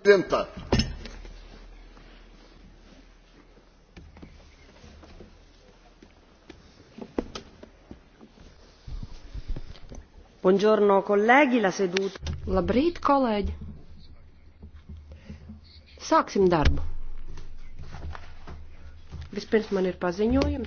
presidenta. Buongiorno, colleghi, la seduta. Labrīt, kolēģi. Sāksim darbu. Vispirms man ir paziņojums.